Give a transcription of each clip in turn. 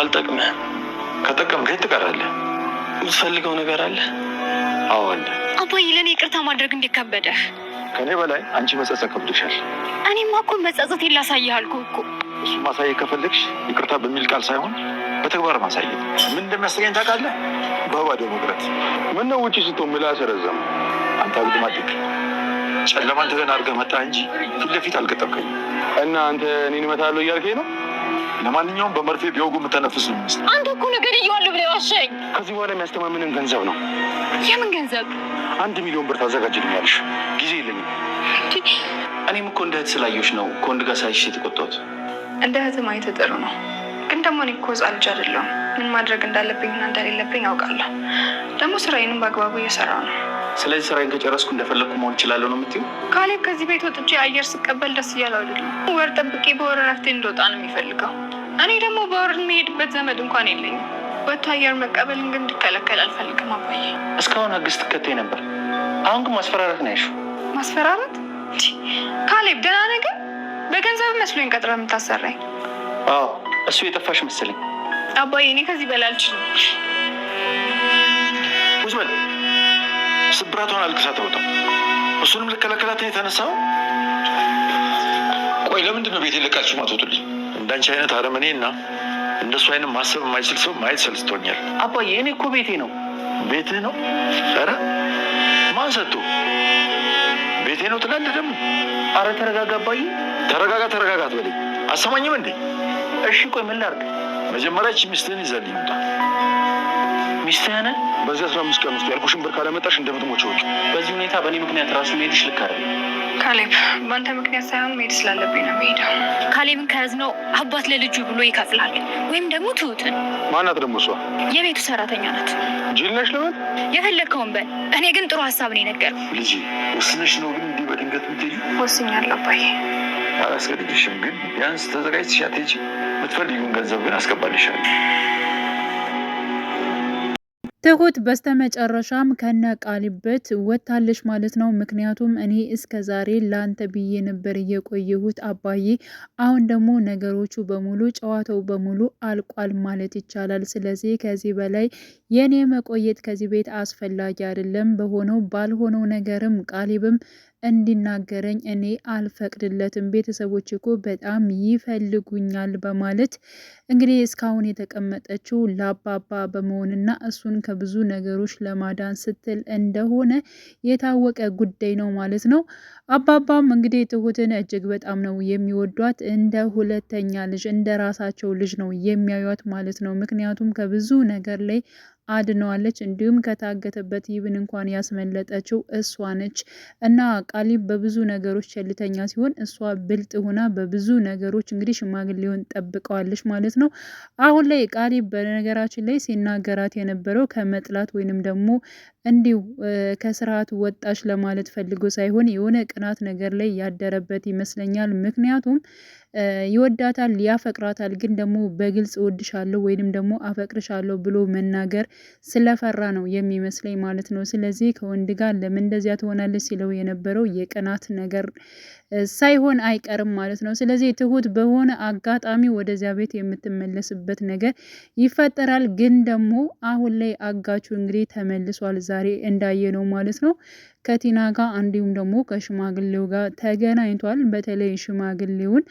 አልጠቅምህም። ከጠቀም ግን ትቀራለህ። የምትፈልገው ነገር አለ? አዎ አለ። አባዬ ለእኔ ይቅርታ ማድረግ እንዴት ከበደህ? ከእኔ በላይ አንቺ መጸጸት ከብዶሻል። እኔማ እኮ መጸጸት ላሳይህ አልኩ እኮ። እሱ ማሳየት ከፈለግሽ ይቅርታ በሚል ቃል ሳይሆን በተግባር ማሳየት። ምን እንደሚያስገኝ ታውቃለህ? በባዶ መቅረት። ምን ነው ውጭ ስቶ ምላስ ሰረዘም አንተ አግድማጭክ ጨለማን ተገና አድርገህ መጣህ እንጂ ፊት ለፊት አልገጠምከኝም። እና አንተ እኔን እመታለሁ እያልከኝ ነው? ለማንኛውም በመርፌ ቢወጉ የምተነፍስ ነው ይመስል አንተ እኮ ነገር እየዋሉ ብለ ዋሸኝ። ከዚህ በኋላ የሚያስተማምንን ገንዘብ ነው። የምን ገንዘብ? አንድ ሚሊዮን ብር ታዘጋጅልኛለሽ? ጊዜ የለኝም። እኔም እኮ እንደ እህት ስላየሽ ነው ከወንድ ጋር ሳይሽ የተቆጣሁት። እንደ እህት ማየት ጥሩ ነው፣ ግን ደግሞ እኔ እኮ ሕፃን ልጅ አይደለሁም። ምን ማድረግ እንዳለብኝና እንደሌለብኝ አውቃለሁ። ደግሞ ስራዬንም በአግባቡ እየሰራሁ ነው። ስለዚህ ስራዬን ከጨረስኩ እንደፈለግኩ መሆን እችላለሁ ነው የምትይው? ካሌብ ከዚህ ቤት ወጥቼ አየር ስቀበል ደስ እያለው አይደለም። ወር ጠብቄ በወር እረፍቴ እንደወጣ ነው የሚፈልገው። እኔ ደግሞ በወር የሚሄድበት ዘመድ እንኳን የለኝም። ወጥቶ አየር መቀበልን ግን እንድከለከል አልፈልግም። አባዬ እስካሁን ህግ ስትከተይ ነበር፣ አሁን ግን ማስፈራረት ነው ማስፈራረት? ካሌብ ደህና ነህ? ግን በገንዘብ መስሎኝ ቀጥረ የምታሰራኝ። አዎ እሱ የጠፋሽ መስለኝ። አባዬ እኔ ከዚህ በላይ አልችልም። ስብራቷን አልቅሳ ተውጣ። እሱንም ልከለከላት የተነሳው ቆይ፣ ለምንድን ነው ቤት ለቃችሁ ማትወጡልኝ? እንዳንቺ አይነት አረመኔ እና እንደሱ አይነት ማሰብ የማይችል ሰው ማየት ሰልስቶኛል። አባዬ፣ እኔ እኮ ቤቴ ነው። ቤትህ ነው? ኧረ ማን ሰጥቶ ቤቴ ነው ትላለህ ደግሞ? አረ ተረጋጋ አባዬ፣ ተረጋጋ፣ ተረጋጋ አትበለኝ። አሰማኝም እንዴ? እሺ፣ ቆይ ምን ላድርግ? መጀመሪያ ይህች ሚስትህን ይዘህልኝ ውጣ። በዚህ አስራ አምስት ቀን ውስጥ ያልኩሽን ብር ካለመጣሽ እንደምትሞች ወቂ። በዚህ ሁኔታ በእኔ ምክንያት ራሱ መሄድሽ ልክ አይደለም ካሌብ። በአንተ ምክንያት ሳይሆን መሄድ ስላለብኝ ነው መሄደው። ካሌብን ከያዝነው አባት ለልጁ ብሎ ይከፍላል፣ ወይም ደግሞ ትሁትን። ማናት ደግሞ እሷ? የቤቱ ሰራተኛ ናት። ጅል ነሽ ለምን? የፈለግከውን በል። እኔ ግን ጥሩ ሀሳብ ነው የነገር። ልጅ ወስነሽ ነው ግን እንዲህ በድንገት ምትሄጂ? ወስኛለሁ አባዬ። አላስገድድሽም፣ ግን ቢያንስ ተዘጋጅተሽ አትሄጂ። የምትፈልጊውን ገንዘብ ግን አስገባልሻለሁ ትሁት በስተመጨረሻም ከነ ቃሊበት ወታለች ማለት ነው። ምክንያቱም እኔ እስከ ዛሬ ላንተ ብዬ ነበር እየቆየሁት አባዬ፣ አሁን ደግሞ ነገሮቹ በሙሉ ጨዋታው በሙሉ አልቋል ማለት ይቻላል። ስለዚህ ከዚህ በላይ የኔ መቆየት ከዚህ ቤት አስፈላጊ አይደለም። በሆነው ባልሆነው ነገርም ቃሊብም እንዲናገረኝ እኔ አልፈቅድለትም። ቤተሰቦች እኮ በጣም ይፈልጉኛል በማለት እንግዲህ እስካሁን የተቀመጠችው ለአባባ በመሆንና እሱን ከብዙ ነገሮች ለማዳን ስትል እንደሆነ የታወቀ ጉዳይ ነው ማለት ነው። አባባም እንግዲህ ትሁትን እጅግ በጣም ነው የሚወዷት። እንደ ሁለተኛ ልጅ እንደ ራሳቸው ልጅ ነው የሚያዩት ማለት ነው። ምክንያቱም ከብዙ ነገር ላይ አድነዋለች። እንዲሁም ከታገተበት ይብን እንኳን ያስመለጠችው እሷ ነች እና ቃሊብ በብዙ ነገሮች ቸልተኛ ሲሆን እሷ ብልጥ ሆና በብዙ ነገሮች እንግዲህ ሽማግሌውን ጠብቀዋለች ማለት ነው። አሁን ላይ ቃሊብ በነገራችን ላይ ሲናገራት የነበረው ከመጥላት ወይንም ደግሞ እንዲሁ ከስርዓቱ ወጣች ለማለት ፈልጎ ሳይሆን የሆነ ቅናት ነገር ላይ ያደረበት ይመስለኛል። ምክንያቱም ይወዳታል፣ ያፈቅራታል ግን ደግሞ በግልጽ እወድሻለሁ ወይንም ደግሞ አፈቅርሻለሁ ብሎ መናገር ስለፈራ ነው የሚመስለኝ ማለት ነው። ስለዚህ ከወንድ ጋር ለምን እንደዚያ ትሆናለች ሲለው የነበረው የቅናት ነገር ሳይሆን አይቀርም ማለት ነው። ስለዚህ ትሁት በሆነ አጋጣሚ ወደዚያ ቤት የምትመለስበት ነገር ይፈጠራል። ግን ደግሞ አሁን ላይ አጋቹ እንግዲህ ተመልሷል፣ ዛሬ እንዳየ ነው ማለት ነው። ከቲና ጋር እንዲሁም ደግሞ ከሽማግሌው ጋር ተገናኝቷል። በተለይ ሽማግሌውን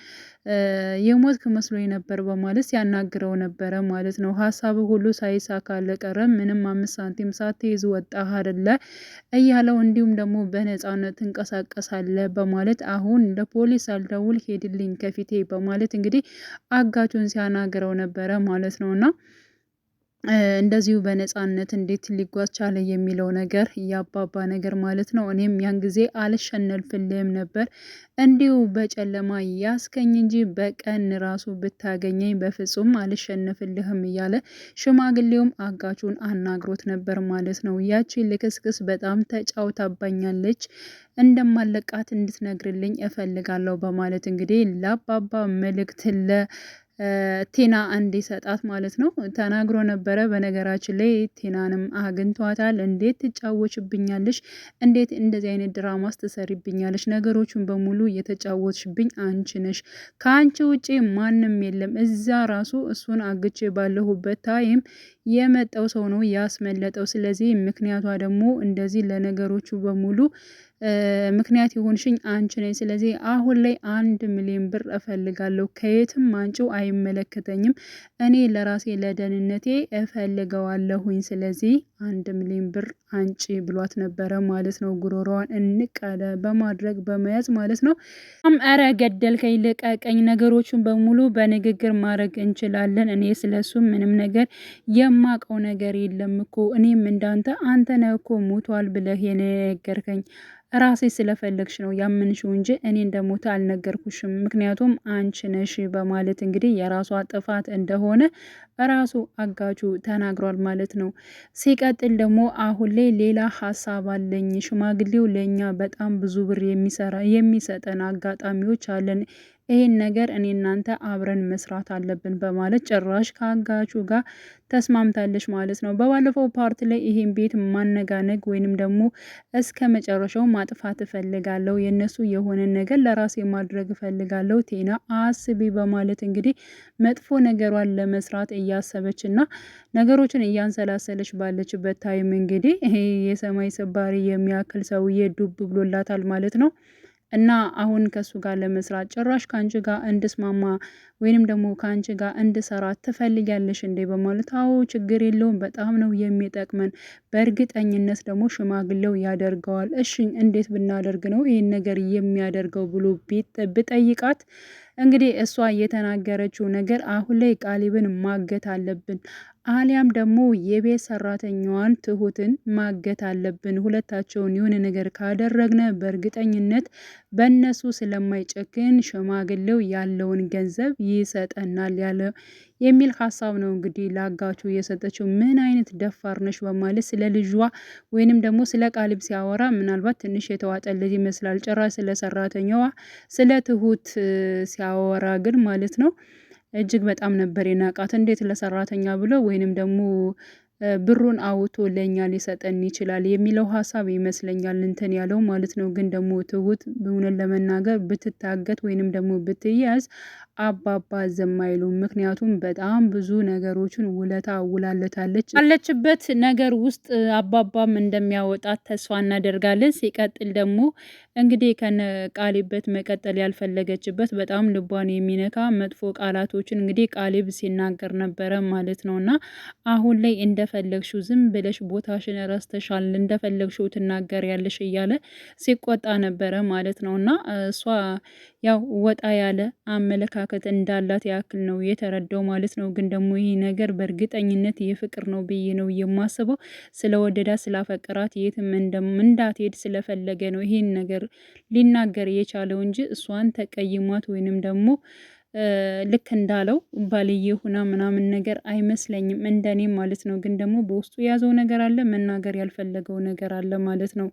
የሞትክ መስሎኝ ነበር በማለት ያናግረው ነበረ ማለት ነው። ሀሳብ ሁሉ ሳይሳካለ ቀረ፣ ምንም አምስት ሳንቲም ሳትይዝ ወጣ አደለ እያለው እንዲሁም ደግሞ በነፃነት ትንቀሳቀሳለ በማለት አሁን አሁን ለፖሊስ አልደውል ሄድልኝ ከፊቴ በማለት እንግዲህ አጋቹን ሲያናግረው ነበረ ማለት ነውና እንደዚሁ በነፃነት እንዴት ሊጓዝ ቻለ የሚለው ነገር ያባባ ነገር ማለት ነው። እኔም ያን ጊዜ አልሸነፍልህም ነበር እንዲሁ በጨለማ ያስገኝ እንጂ በቀን ራሱ ብታገኘኝ በፍጹም አልሸነፍልህም እያለ ሽማግሌውም አጋቹን አናግሮት ነበር ማለት ነው። ያቺ ልክስክስ በጣም ተጫውታባኛለች እንደማለቃት እንድትነግርልኝ እፈልጋለሁ በማለት እንግዲህ ለአባባ መልእክት ቴና እንዲሰጣት ማለት ነው ተናግሮ ነበረ። በነገራችን ላይ ቴናንም አግኝቷታል። እንዴት ትጫወችብኛለሽ? እንዴት እንደዚህ አይነት ድራማስ ትሰሪብኛለሽ? ነገሮቹን በሙሉ እየተጫወችብኝ አንቺ ነሽ። ከአንቺ ውጪ ማንም የለም። እዛ ራሱ እሱን አግቼ ባለሁበት ታይም የመጣው ሰው ነው ያስመለጠው። ስለዚህ ምክንያቷ ደግሞ እንደዚህ ለነገሮቹ በሙሉ ምክንያት የሆንሽኝ አንቺ ነኝ። ስለዚህ አሁን ላይ አንድ ሚሊዮን ብር እፈልጋለሁ፣ ከየትም አንጪው፣ አይመለከተኝም። እኔ ለራሴ ለደህንነቴ እፈልገዋለሁኝ። ስለዚህ አንድ ሚሊዮን ብር አንጪ ብሏት ነበረ ማለት ነው። ጉሮሮዋን እንቀለ በማድረግ በመያዝ ማለት ነው። አረ ኧረ ገደልከኝ፣ ልቀቀኝ። ነገሮቹን በሙሉ በንግግር ማድረግ እንችላለን። እኔ ስለሱ ምንም ነገር የማቀው ነገር የለም እኮ እኔም እንዳንተ አንተ ነህ እኮ ሞቷል ብለህ የነገርከኝ ራሴ ስለፈለግሽ ነው ያምንሽው እንጂ እኔ እንደሞተ አልነገርኩሽም፣ ምክንያቱም አንቺ ነሽ በማለት እንግዲህ የራሷ ጥፋት እንደሆነ ራሱ አጋቹ ተናግሯል ማለት ነው። ሲቀጥል ደግሞ አሁን ላይ ሌላ ሀሳብ አለኝ። ሽማግሌው ለእኛ በጣም ብዙ ብር የሚሰራ የሚሰጠን አጋጣሚዎች አለን ይህን ነገር እኔ እናንተ አብረን መስራት አለብን በማለት ጭራሽ ከአጋቹ ጋር ተስማምታለች ማለት ነው። በባለፈው ፓርት ላይ ይሄን ቤት ማነጋነግ ወይንም ደግሞ እስከ መጨረሻው ማጥፋት እፈልጋለሁ፣ የእነሱ የሆነ ነገር ለራሴ ማድረግ እፈልጋለሁ፣ ቴና አስቢ በማለት እንግዲህ መጥፎ ነገሯን ለመስራት እያሰበች እና ነገሮችን እያንሰላሰለች ባለችበት ታይም እንግዲህ ይሄ የሰማይ ስባሪ የሚያክል ሰውዬ ዱብ ብሎላታል ማለት ነው። እና አሁን ከሱ ጋር ለመስራት ጭራሽ ከአንቺ ጋር እንድስማማ ወይንም ደግሞ ከአንቺ ጋር እንድሰራ ትፈልጊያለሽ እንዴ? በማለት አዎ፣ ችግር የለውም በጣም ነው የሚጠቅመን፣ በእርግጠኝነት ደግሞ ሽማግሌው ያደርገዋል። እሺ እንዴት ብናደርግ ነው ይህን ነገር የሚያደርገው ብሎ ብጠይቃት እንግዲህ እሷ የተናገረችው ነገር አሁን ላይ ቃሊብን ማገት አለብን አሊያም ደግሞ የቤት ሰራተኛዋን ትሁትን ማገት አለብን። ሁለታቸውን የሆነ ነገር ካደረግነ በእርግጠኝነት በእነሱ ስለማይጨክን ሽማግሌው ያለውን ገንዘብ ይሰጠናል ያለ የሚል ሀሳብ ነው እንግዲህ ለአጋቹ የሰጠችው። ምን አይነት ደፋር ነሽ በማለት ስለ ልጇ ወይንም ደግሞ ስለ ቃልብ ሲያወራ ምናልባት ትንሽ የተዋጠለት ይመስላል። ጭራ ስለ ሰራተኛዋ ስለ ትሁት ሲያወራ ግን ማለት ነው እጅግ በጣም ነበር የናቃት። እንዴት ለሰራተኛ ብሎ ወይንም ደግሞ ብሩን አውቶ ለእኛ ሊሰጠን ይችላል የሚለው ሀሳብ ይመስለኛል እንትን ያለው ማለት ነው። ግን ደግሞ ትሁት እውነት ለመናገር ብትታገት ወይንም ደግሞ ብትያዝ አባባ ዝም አይሉ። ምክንያቱም በጣም ብዙ ነገሮችን ውለታ ውላለታለች። ካለችበት ነገር ውስጥ አባባም እንደሚያወጣት ተስፋ እናደርጋለን። ሲቀጥል ደግሞ እንግዲህ ከነ ቃሊበት መቀጠል ያልፈለገችበት በጣም ልቧን የሚነካ መጥፎ ቃላቶችን እንግዲህ ቃሊብ ሲናገር ነበረ ማለት ነው። እና አሁን ላይ እንደፈለግሽው ዝም ብለሽ ቦታሽን ረስተሻል፣ እንደፈለግሽው ትናገር ያለሽ እያለ ሲቆጣ ነበረ ማለት ነው። እና እሷ ያው ወጣ ያለ አመለካከት እንዳላት ያክል ነው የተረዳው ማለት ነው። ግን ደግሞ ይህ ነገር በእርግጠኝነት የፍቅር ነው ብዬ ነው የማስበው። ስለወደዳ ስላፈቅራት የትም እንዳትሄድ ስለፈለገ ነው ይህን ነገር ሊናገር የቻለው እንጂ እሷን ተቀይሟት ወይንም ደግሞ ልክ እንዳለው ባልዬ ሁና ምናምን ነገር አይመስለኝም፣ እንደኔ ማለት ነው። ግን ደግሞ በውስጡ የያዘው ነገር አለ፣ መናገር ያልፈለገው ነገር አለ ማለት ነው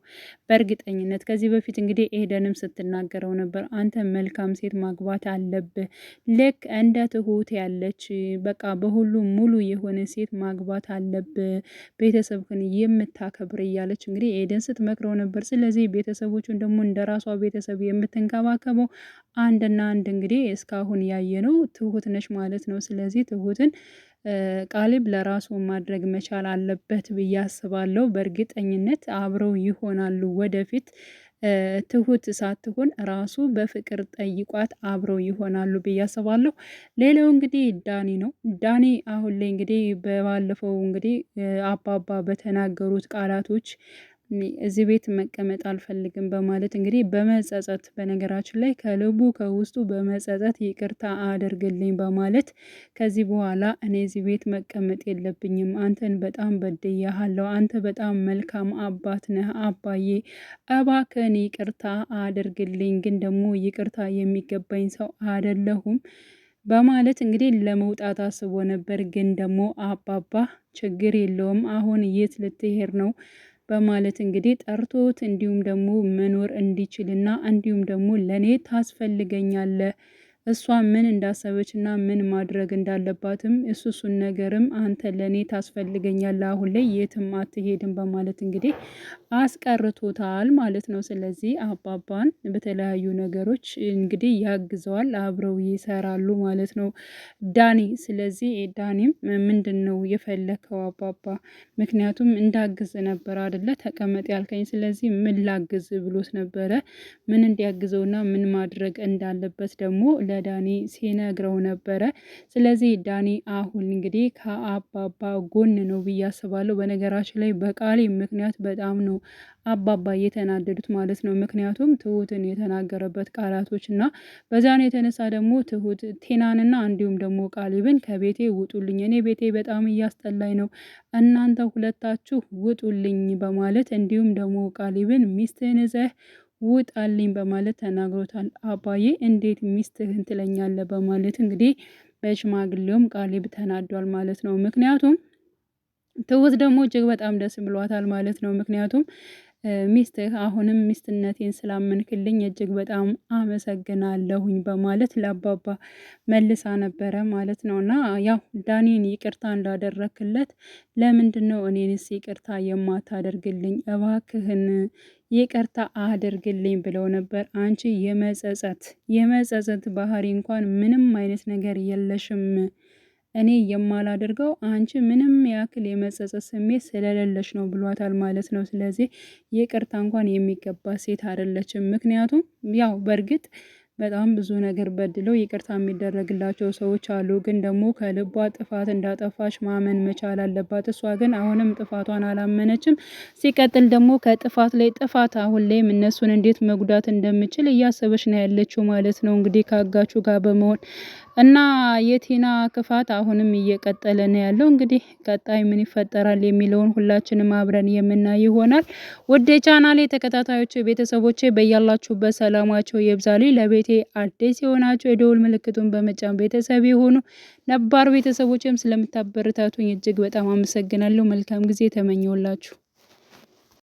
በእርግጠኝነት። ከዚህ በፊት እንግዲህ ኤደንም ስትናገረው ነበር፣ አንተ መልካም ሴት ማግባት አለብህ፣ ልክ እንደ ትሁት ያለች በቃ በሁሉ ሙሉ የሆነ ሴት ማግባት አለብህ፣ ቤተሰብህን የምታከብር እያለች እንግዲህ ኤደን ስትመክረው ነበር። ስለዚህ ቤተሰቦቹን ደግሞ ራሷ ቤተሰብ የምትንከባከበው አንድና አንድ እንግዲህ እስካሁን ያየነው ትሁት ነች ማለት ነው። ስለዚህ ትሁትን ቃሊብ ለራሱ ማድረግ መቻል አለበት ብዬ አስባለሁ። በእርግጠኝነት አብረው ይሆናሉ ወደፊት ትሁት ሳትሆን ራሱ በፍቅር ጠይቋት አብረው ይሆናሉ ብዬ አስባለሁ። ሌላው እንግዲህ ዳኒ ነው። ዳኒ አሁን ላይ እንግዲህ በባለፈው እንግዲህ አባባ በተናገሩት ቃላቶች እዚህ ቤት መቀመጥ አልፈልግም በማለት እንግዲህ በመጸጸት በነገራችን ላይ ከልቡ ከውስጡ በመጸጸት ይቅርታ አድርግልኝ በማለት ከዚህ በኋላ እኔ እዚህ ቤት መቀመጥ የለብኝም፣ አንተን በጣም በድያሃለሁ፣ አንተ በጣም መልካም አባት ነህ፣ አባዬ እባክህን ይቅርታ አድርግልኝ፣ ግን ደግሞ ይቅርታ የሚገባኝ ሰው አይደለሁም በማለት እንግዲህ ለመውጣት አስቦ ነበር። ግን ደግሞ አባባ ችግር የለውም አሁን የት ልትሄድ ነው በማለት እንግዲህ ጠርቶት እንዲሁም ደግሞ መኖር እንዲችልና እንዲሁም ደግሞ ለእኔ ታስፈልገኛለህ እሷ ምን እንዳሰበች እና ምን ማድረግ እንዳለባትም እሱ እሱን ነገርም አንተ ለእኔ ታስፈልገኛለህ፣ አሁን ላይ የትም አትሄድም በማለት እንግዲህ አስቀርቶታል ማለት ነው። ስለዚህ አባባን በተለያዩ ነገሮች እንግዲህ ያግዘዋል፣ አብረው ይሰራሉ ማለት ነው ዳኒ። ስለዚህ ዳኒም ምንድን ነው የፈለከው አባባ? ምክንያቱም እንዳግዝ ነበር አደለ ተቀመጥ ያልከኝ፣ ስለዚህ ምን ላግዝ ብሎት ነበረ። ምን እንዲያግዘውና ምን ማድረግ እንዳለበት ደግሞ ለዳኒ ሲነግረው ነበረ። ስለዚህ ዳኒ አሁን እንግዲህ ከአባባ ጎን ነው ብዬ አስባለሁ። በነገራችን ላይ በቃሌ ምክንያት በጣም ነው አባባ እየተናደዱት ማለት ነው። ምክንያቱም ትሁትን የተናገረበት ቃላቶች እና በዚያን የተነሳ ደግሞ ትሁት ቴናንና እንዲሁም ደግሞ ቃሊብን ከቤቴ ውጡልኝ፣ እኔ ቤቴ በጣም እያስጠላኝ ነው፣ እናንተ ሁለታችሁ ውጡልኝ በማለት እንዲሁም ደግሞ ቃሊብን ሚስትህን ይዘህ ውጣልኝ በማለት ተናግሮታል። አባዬ እንዴት ሚስትህን ትለኛለ? በማለት እንግዲህ በሽማግሌውም ቃሌብ ተናዷል ማለት ነው። ምክንያቱም ትሁት ደግሞ እጅግ በጣም ደስ ብሏታል ማለት ነው። ምክንያቱም ሚስትህ አሁንም ሚስትነቴን ስላመንክልኝ እጅግ በጣም አመሰግናለሁኝ በማለት ለአባባ መልሳ ነበረ ማለት ነው። እና ያው ዳኒን ይቅርታ እንዳደረክለት ለምንድን ነው እኔንስ ይቅርታ የማታደርግልኝ? እባክህን ይቅርታ አድርግልኝ ብለው ነበር። አንቺ የመጸጸት የመጸጸት ባህሪ እንኳን ምንም አይነት ነገር የለሽም እኔ የማላደርገው አንቺ ምንም ያክል የመጸጸት ስሜት ስለሌለሽ ነው ብሏታል ማለት ነው። ስለዚህ ይቅርታ እንኳን የሚገባ ሴት አይደለችም። ምክንያቱም ያው በእርግጥ በጣም ብዙ ነገር በድለው ይቅርታ የሚደረግላቸው ሰዎች አሉ። ግን ደግሞ ከልቧ ጥፋት እንዳጠፋች ማመን መቻል አለባት። እሷ ግን አሁንም ጥፋቷን አላመነችም። ሲቀጥል ደግሞ ከጥፋት ላይ ጥፋት፣ አሁን ላይም እነሱን እንዴት መጉዳት እንደምችል እያሰበች ነው ያለችው ማለት ነው። እንግዲህ ከአጋቹ ጋር በመሆን እና የቲና ክፋት አሁንም እየቀጠለ ነው ያለው። እንግዲህ ቀጣይ ምን ይፈጠራል የሚለውን ሁላችንም አብረን የምናይ ይሆናል። ወደ ቻናሌ ተከታታዮች ቤተሰቦቼ በያላችሁበት ሰላማቸው የብዛሉ። ለቤቴ አዲስ የሆናቸው የደውል ምልክቱን በመጫን ቤተሰብ የሆኑ ነባር ቤተሰቦችም ስለምታበረታቱኝ እጅግ በጣም አመሰግናለሁ። መልካም ጊዜ ተመኘውላችሁ።